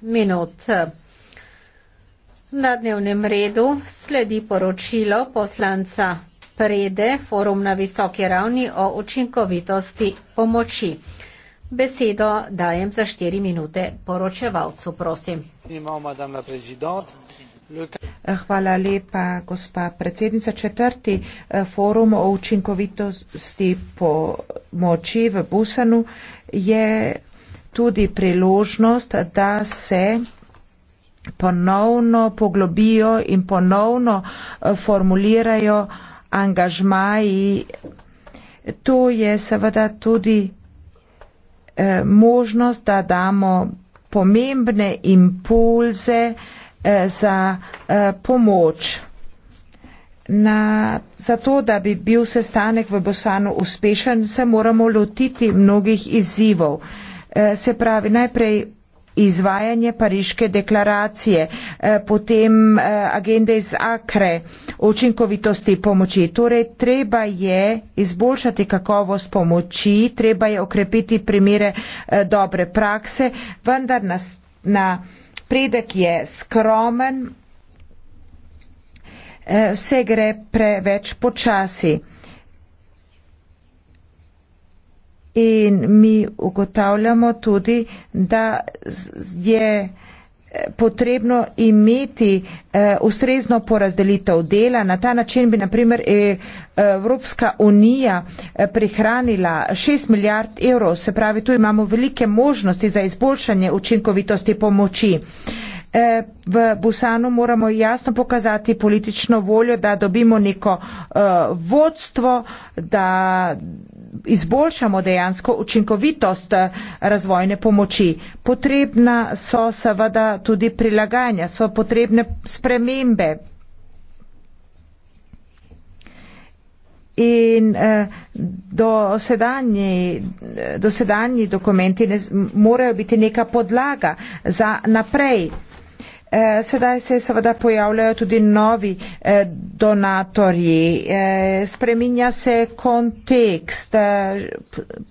minut. Na dnevnem redu sledi poročilo poslanca Prede, forum na visoki ravni o učinkovitosti pomoči. Besedo dajem za štiri minute poročevalcu, prosim. Hvala lepa, gospa predsednica. Četrti eh, forum o učinkovitosti pomoči v Busanu je tudi priložnost, da se ponovno poglobijo in ponovno eh, formulirajo angažmaji. To je seveda tudi eh, možnost, da damo pomembne impulze eh, za eh, pomoč. Na, zato, da bi bil sestanek v Bosanu uspešen, se moramo lotiti mnogih izzivov. Eh, Eh, se pravi najprej izvajanje Pariške deklaracije, eh, potem eh, agende iz Akre, učinkovitosti pomoči. Torej, treba je izboljšati kakovost pomoči, treba je okrepiti primere dobre prakse, vendar na, na predek je skromen, vse gre preveč počasi. In mi ugotavljamo tudi, da je eh, potrebno imeti eh, ustrezno porazdelitev dela. Na ta način bi naprimer e, Evropska unija eh, prihranila 6 milijard evrov, se pravi, tu imamo velike možnosti za izboljšanje učinkovitosti pomoči. Eh, v Busanu moramo jasno pokazati politično voljo, da dobimo neko vodstvo, da izboljšamo dejansko učinkovitost eh, razvojne pomoči. Potrebna so seveda tudi prilagajanja, so potrebne spremembe. In eh, dosedanji, dosedanji dokumenti ne, morajo biti neka podlaga za naprej Eh, sedaj se seveda pojavljajo tudi novi eh, donatorji. Eh, spreminja se kontekst.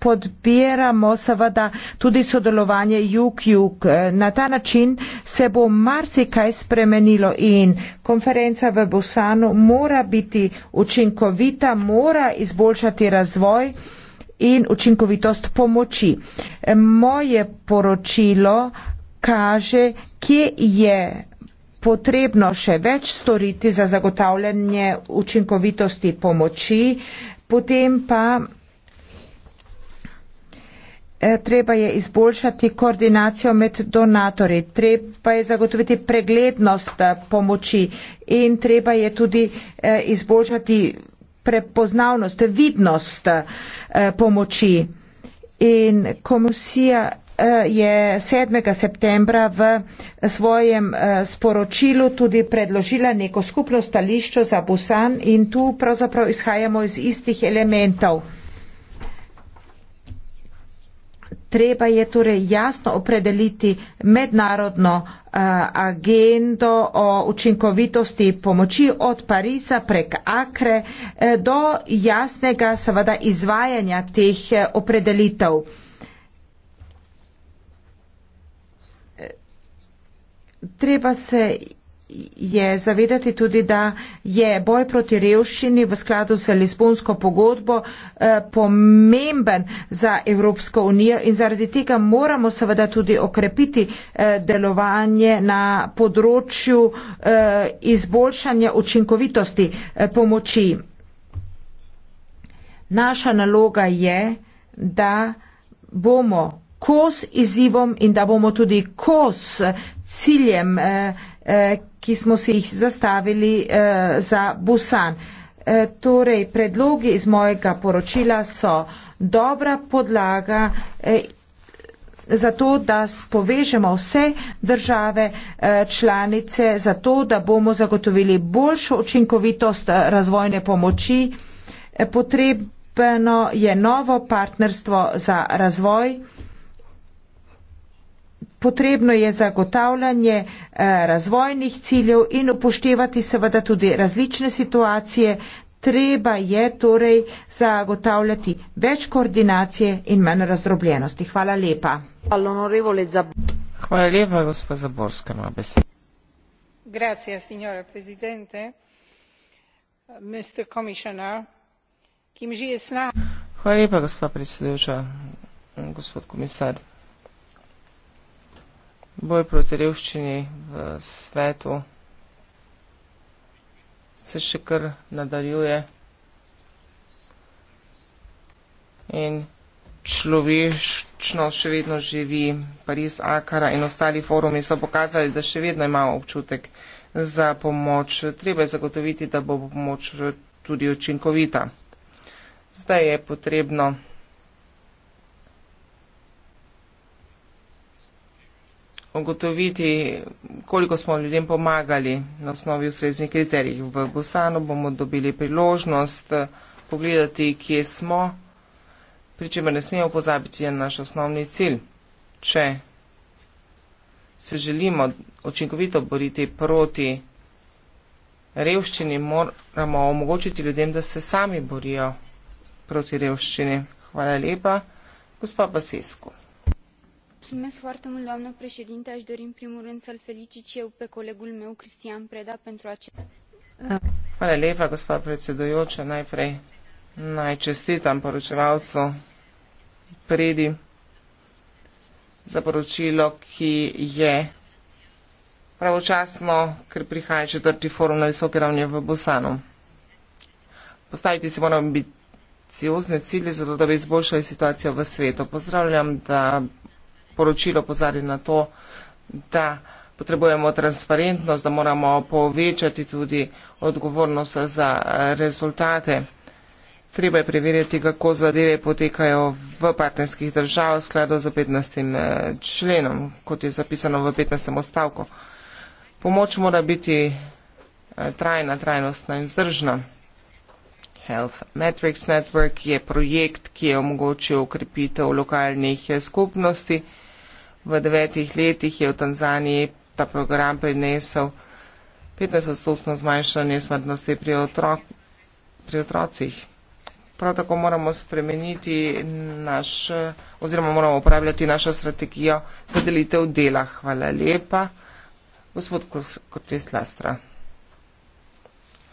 Podbiramo seveda tudi sodelovanje jug-jug. Na ta način se bo marsikaj spremenilo in konferenca v Busanu mora biti učinkovita, mora izboljšati razvoj in učinkovitost pomoči. Moje poročilo kaže kje je potrebno še več storiti za zagotavljanje učinkovitosti pomoči, potem pa eh, treba je izboljšati koordinacijo med donatorji, treba je zagotoviti preglednost eh, pomoči in treba je tudi eh, izboljšati prepoznavnost, vidnost pomoči. In komisija Eh, je 7. septembra v svojem eh, sporočilu tudi predložila neko skupno stališče za Busan in tu pravzaprav izhajamo iz istih elementov. Treba je torej jasno opredeliti mednarodno eh, agendo o učinkovitosti pomoči od Pariza prek Akre do jasnega seveda izvajanja teh opredelitev. treba se je zavedati tudi, da je boj proti revščini v skladu z Lisbonsko pogodbo eh, pomemben za Evropsko unijo in zaradi tega moramo seveda tudi okrepiti eh, delovanje na področju eh, izboljšanja učinkovitosti pomoči. Naša naloga je, da bomo kos izzivom in da bomo tudi kos ciljem, eh, eh, ki smo si jih zastavili eh, za Busan. Torej, predlogi iz mojega poročila so dobra podlaga za to, da povežemo vse države članice, za to, da bomo zagotovili boljšo učinkovitost razvojne pomoči. Potrebno je novo partnerstvo za razvoj potrebno je zagotavljanje eh, razvojnih ciljev in upoštevati seveda tudi različne situacije. Treba je torej zagotavljati več koordinacije in manj razdrobljenosti. Hvala lepa. Hvala lepa, gospod Zaborska, ima besedo. Grazie, signora presidente, mister komisar, ki mi že je snar. Hvala lepa, gospod predsedujoča, gospod komisar boj proti revščini v svetu se še kar nadaljuje. In človečno še vedno živi Pariz, Akara in ostali forumi so pokazali, da še vedno imamo občutek za pomoč. Treba je zagotoviti, da bo pomoč tudi učinkovita. Zdaj je potrebno. ugotoviti, koliko smo ljudem pomagali na osnovi ustreznih kriterijev. V Busanu bomo dobili priložnost eh, pogledati, kje smo, pri čemer ne smemo pozabiti na naš osnovni cilj. Če se želimo očinkovito boriti proti revščini, moramo omogočiti ljudem, da se sami borijo proti revščini. Hvala lepa, gospa Basesko a dori în primul rând să îl felicit i eu pe colegul meu cristian preda pentru acest Hvala lepa, gospod predsedujoča. Najprej naj čestitam poročevalcu predi za poročilo, ki je pravočasno, ker prihaja četrti forum na visoke ravni v Bosanu. Postaviti si moramo ambiciozne cilje, zato da bi izboljšali situacijo v svetu. Pozdravljam, da poročilo pozari na to, da potrebujemo transparentnost, da moramo povečati tudi odgovornost za rezultate. Treba je preveriti, kako zadeve potekajo v partnerskih držav v skladu z 15. Eh, členom, kot je zapisano v 15. stavku. Pomoč mora biti eh, trajna, trajnostna in zdržna. Health Metrics Network je projekt, ki je omogočil ukrepitev lokalnih eh, skupnosti. V devetih letih je v Tanzaniji ta program prinesel 15-odstotno zmanjšanje smrtnosti pri, otrok, pri otrocih. Prav tako moramo spremeniti naš, oziroma moramo upravljati našo strategijo za delitev dela. Hvala lepa, gospod Kortes Lastra.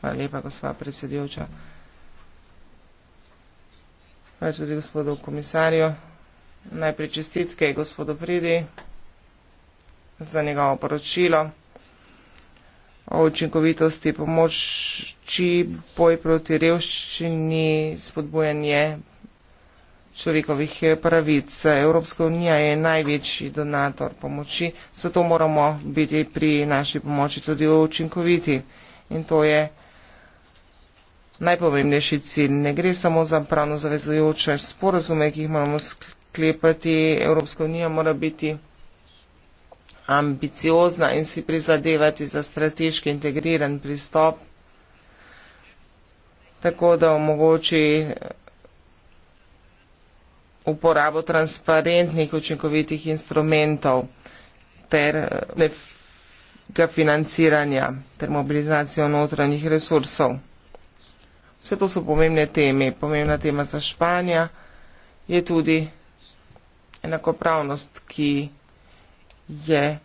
Hvala lepa, gospod predsedujoča. Hvala tudi gospodu komisarju najprej čestitke gospodu Pridi za njegovo poročilo o učinkovitosti pomoči boj proti revščini, spodbujanje človekovih pravic. Evropska unija je največji donator pomoči, zato moramo biti pri naši pomoči tudi učinkoviti. In to je najpomembnejši cilj. Ne gre samo za pravno zavezujoče sporozume, ki jih moramo sklepati, Evropska unija mora biti ambiciozna in si prizadevati za strateški integriran pristop, tako da omogoči uporabo transparentnih učinkovitih instrumentov ter eh, ga financiranja ter mobilizacijo notranjih resursov. Vse to so pomembne teme. Pomembna tema za Španija je tudi enakopravnost, ki je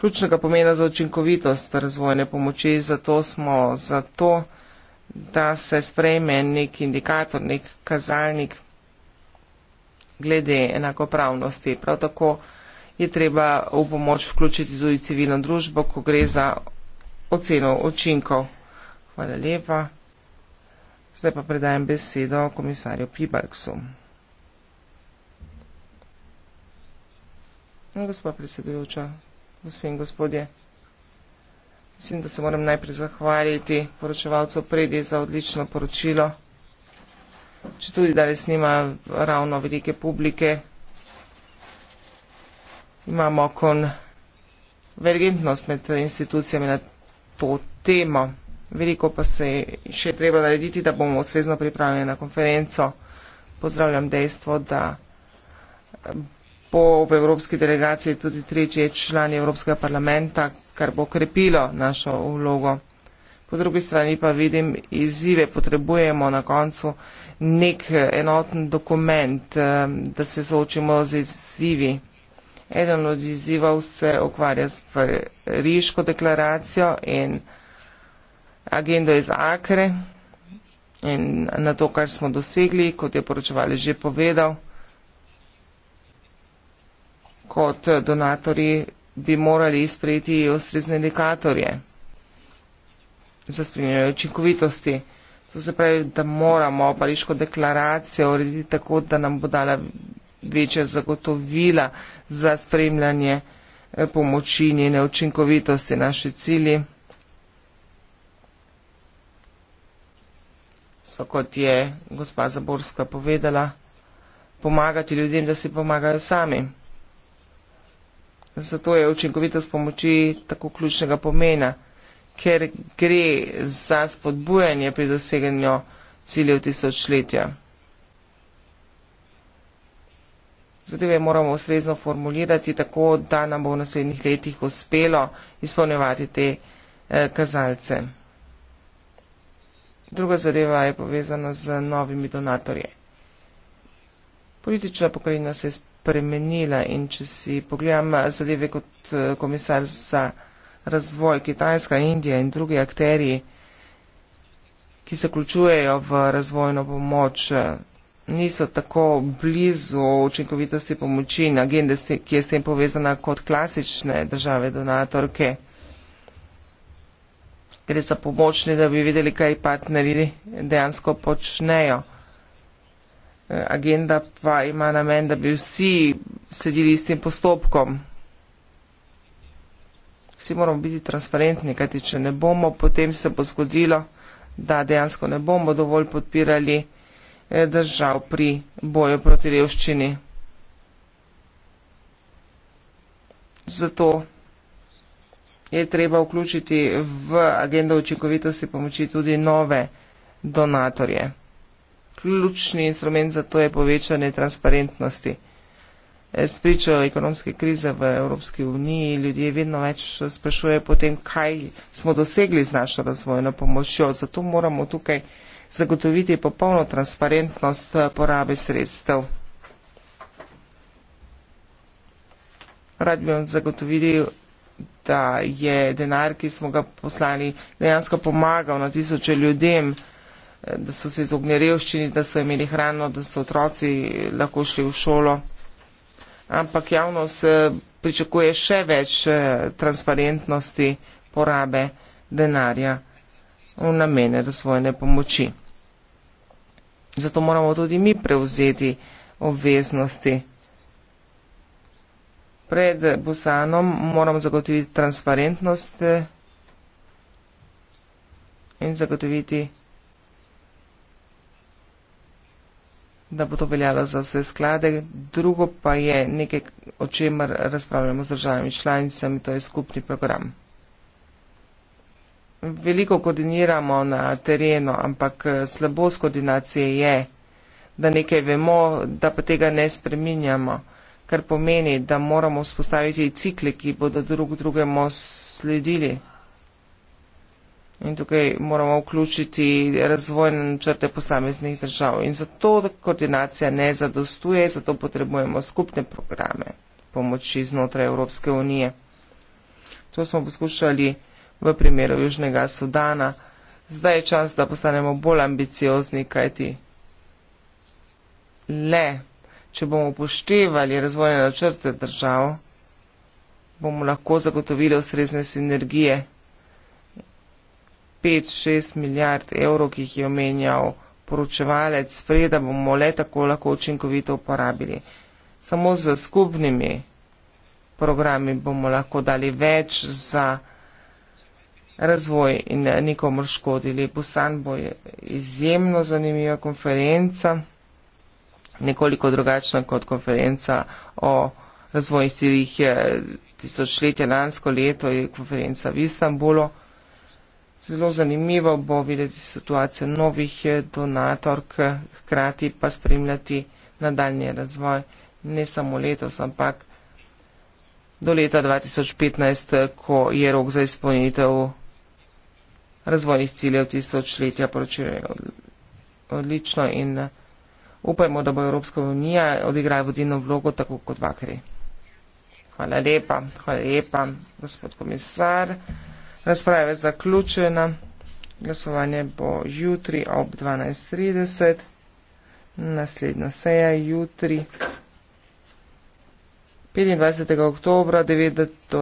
ključnega pomena za učinkovitost razvojne pomoči. Zato smo za to, da se sprejme nek indikator, nek kazalnik glede enakopravnosti. Prav tako je treba v pomoč vključiti tudi civilno družbo, ko gre za oceno učinkov. Hvala lepa. Zdaj pa predajem besedo komisarju Pibalksu. No, gospod predsedujoča, gospod in gospodje, mislim, da se moram najprej zahvaliti poročevalcu predi za odlično poročilo. Če tudi danes nima ravno velike publike, imamo konvergentnost med institucijami na to temo. Veliko pa se je še treba narediti, da bomo ustrezno pripravljeni na konferenco. Pozdravljam dejstvo, da bo v evropski delegaciji tudi tretji član Evropskega parlamenta, kar bo krepilo našo vlogo. Po drugi strani pa vidim izzive, potrebujemo na koncu nek eh, enoten dokument, eh, da se soočimo z izzivi. Eden od izzivov se ukvarja s Pariško deklaracijo in agendo iz Akre in na to, kar smo dosegli, kot je poročevali že povedal kot donatori bi morali sprejeti ustrezne indikatorje za spremljanje učinkovitosti. To se pravi, da moramo pariško deklaracijo urediti tako, da nam bo dala večja zagotovila za spremljanje eh, pomoči njene učinkovitosti naši cilji. So, kot je gospa Zaborska povedala, pomagati ljudem, da si pomagajo sami. Zato je učinkovitost pomoči tako ključnega pomena, ker gre za spodbujanje pri doseganju ciljev tisočletja. Zadeve moramo ustrezno formulirati tako, da nam bo v naslednjih letih uspelo izpolnjevati te eh, kazalce. Druga zadeva je povezana z novimi donatorje. Politična pokrajina se je spremenila spremenile in če si pogledam eh, zadeve kot eh, komisar za razvoj Kitajska, Indija in drugi akteri, ki se vključujejo v razvojno pomoč, eh, niso tako blizu učinkovitosti pomoči in agende, ki je s tem povezana kot klasične države donatorke. Gre za pomočni, da bi videli, kaj partnerji dejansko počnejo. Eh, agenda pa ima namen, da bi vsi sledili s tem postopkom. Vsi moramo biti transparentni, kajti če ne bomo, potem se bo zgodilo, da dejansko ne bomo dovolj podpirali eh, držav pri boju proti revščini. Zato je treba vključiti v agendo učinkovitosti pomoči tudi nove donatorje ključni instrument za to je povečanje transparentnosti. Eh, S pričo ekonomske krize v Evropski uniji ljudje vedno več sprašujejo potem, kaj smo dosegli z našo razvojno pomočjo. Zato moramo tukaj zagotoviti popolno transparentnost eh, porabe sredstev. Rad bi vam zagotovili, da je denar, ki smo ga poslali, dejansko pomagal na tisoče ljudem. Eh, da so se izognili revščini, da so imeli hrano, da so otroci lahko šli v šolo. Ampak javnost eh, pričakuje še več eh, transparentnosti porabe denarja v namene razvojne pomoči. Zato moramo tudi mi prevzeti obveznosti. Pred Busanom moram zagotoviti transparentnost in zagotoviti. da bo to veljalo za vse sklade. Drugo pa je nekaj, o čemer razpravljamo z državami članicami, to je skupni program. Veliko koordiniramo na terenu, ampak slabost koordinacije je, da nekaj vemo, da pa tega ne spreminjamo, kar pomeni, da moramo vzpostaviti cikle, ki bodo drug drugemu sledili. In tukaj moramo vključiti razvojne načrte posameznih držav. In zato koordinacija ne zadostuje, zato potrebujemo skupne programe pomoči znotraj Evropske unije. To smo poskušali v primeru Južnega Sudana. Zdaj je čas, da postanemo bolj ambiciozni, kajti le, če bomo upoštevali razvojne načrte držav, bomo lahko zagotovili ustrezne sinergije. 5-6 milijard evrov, ki jih je omenjal poročevalec, sprej, da bomo le tako lahko učinkovito uporabili. Samo z skupnimi programi bomo lahko dali več za razvoj in nikomor škodili. Busan bo izjemno zanimiva konferenca, nekoliko drugačna kot konferenca o razvoju silih eh, tisočletja lansko leto, je konferenca v Istanbulu. Zelo zanimivo bo videti situacijo novih eh, donatork, eh, hkrati pa spremljati nadaljni razvoj, ne samo letos, ampak do leta 2015, eh, ko je rok za izpolnitev razvojnih ciljev tisočletja poročilo odlično in upajmo, da bo Evropska unija odigrala vodilno vlogo tako kot vakri. Hvala lepa, hvala lepa, gospod komisar. Razprava je zaključena. Glasovanje bo jutri ob 12.30. Naslednja seja jutri 25. oktobra 9.